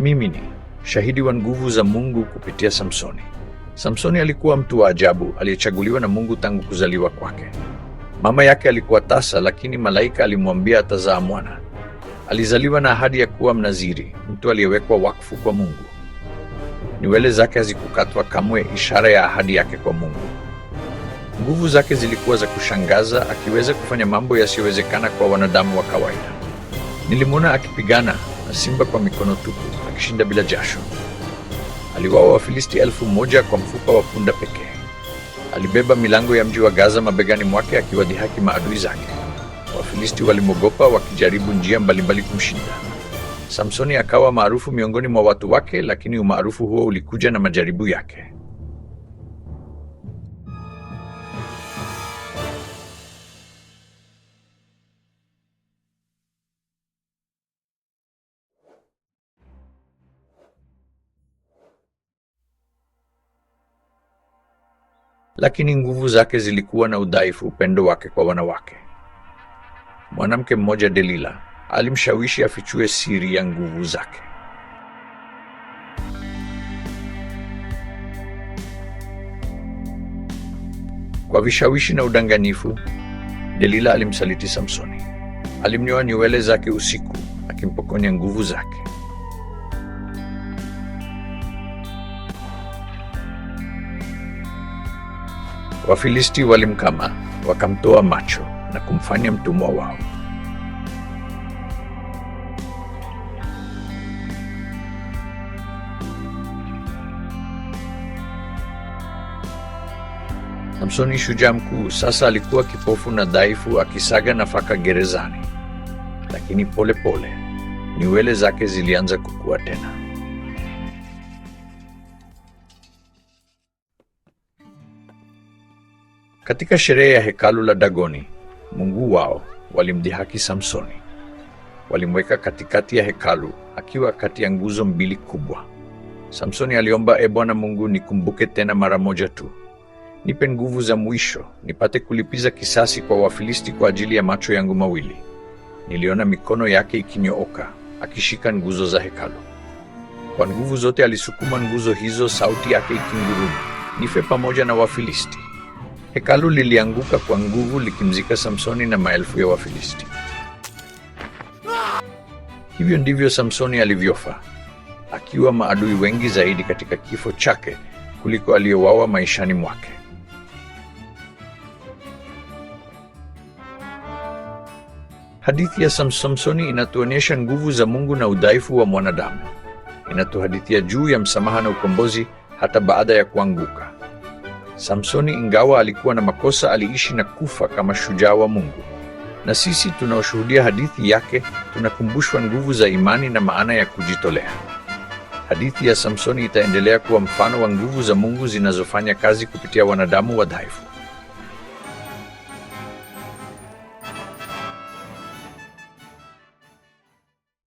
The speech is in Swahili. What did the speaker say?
Mimi ni shahidi wa nguvu za Mungu kupitia Samsoni. Samsoni alikuwa mtu wa ajabu aliyechaguliwa na Mungu tangu kuzaliwa kwake. Mama yake alikuwa tasa, lakini malaika alimwambia atazaa mwana. Alizaliwa na ahadi ya kuwa Mnaziri, mtu aliyewekwa wakfu kwa Mungu. Nywele zake hazikukatwa kamwe, ishara ya ahadi yake kwa Mungu. Nguvu zake zilikuwa za kushangaza, akiweza kufanya mambo yasiyowezekana kwa wanadamu wa kawaida. Nilimwona akipigana na simba kwa mikono tupu, akishinda bila jasho. Aliwaua Wafilisti elfu moja kwa mfupa wa punda pekee. Alibeba milango ya mji wa Gaza mabegani mwake, akiwadhihaki maadui zake. Wafilisti walimwogopa, wakijaribu njia mbalimbali kumshinda. Samsoni akawa maarufu miongoni mwa watu wake, lakini umaarufu huo ulikuja na majaribu yake. lakini nguvu zake zilikuwa na udhaifu upendo wake kwa wanawake. Mwanamke mmoja Delila alimshawishi afichue siri ya nguvu zake. Kwa vishawishi na udanganyifu, Delila alimsaliti Samsoni. Alimnyoa nywele zake usiku, akimpokonya nguvu zake. Wafilisti walimkama wakamtoa macho na kumfanya mtumwa wao. Samsoni shujaa mkuu sasa alikuwa kipofu na dhaifu, akisaga nafaka gerezani, lakini polepole nywele zake zilianza kukua tena. Katika sherehe ya hekalu la Dagoni, mungu wao, walimdhihaki Samsoni. Walimweka katikati ya hekalu akiwa kati ya nguzo mbili kubwa. Samsoni aliomba, E Bwana Mungu, nikumbuke tena mara moja tu, nipe nguvu za mwisho, nipate kulipiza kisasi kwa Wafilisti kwa ajili ya macho yangu mawili. Niliona mikono yake ikinyooka akishika nguzo za hekalu. Kwa nguvu zote alisukuma nguzo hizo, sauti yake ikinguruma, nife pamoja na Wafilisti. Hekalu lilianguka kwa nguvu likimzika Samsoni na maelfu ya Wafilisti. Hivyo ndivyo Samsoni alivyofa, akiwa maadui wengi zaidi katika kifo chake kuliko aliyowawa maishani mwake. Hadithi ya Samsoni inatuonyesha nguvu za Mungu na udhaifu wa mwanadamu. Inatuhadithia juu ya msamaha na ukombozi hata baada ya kuanguka. Samsoni ingawa alikuwa na makosa, aliishi na kufa kama shujaa wa Mungu. Na sisi tunaoshuhudia hadithi yake tunakumbushwa nguvu za imani na maana ya kujitolea. Hadithi ya Samsoni itaendelea kuwa mfano wa nguvu za Mungu zinazofanya kazi kupitia wanadamu wadhaifu.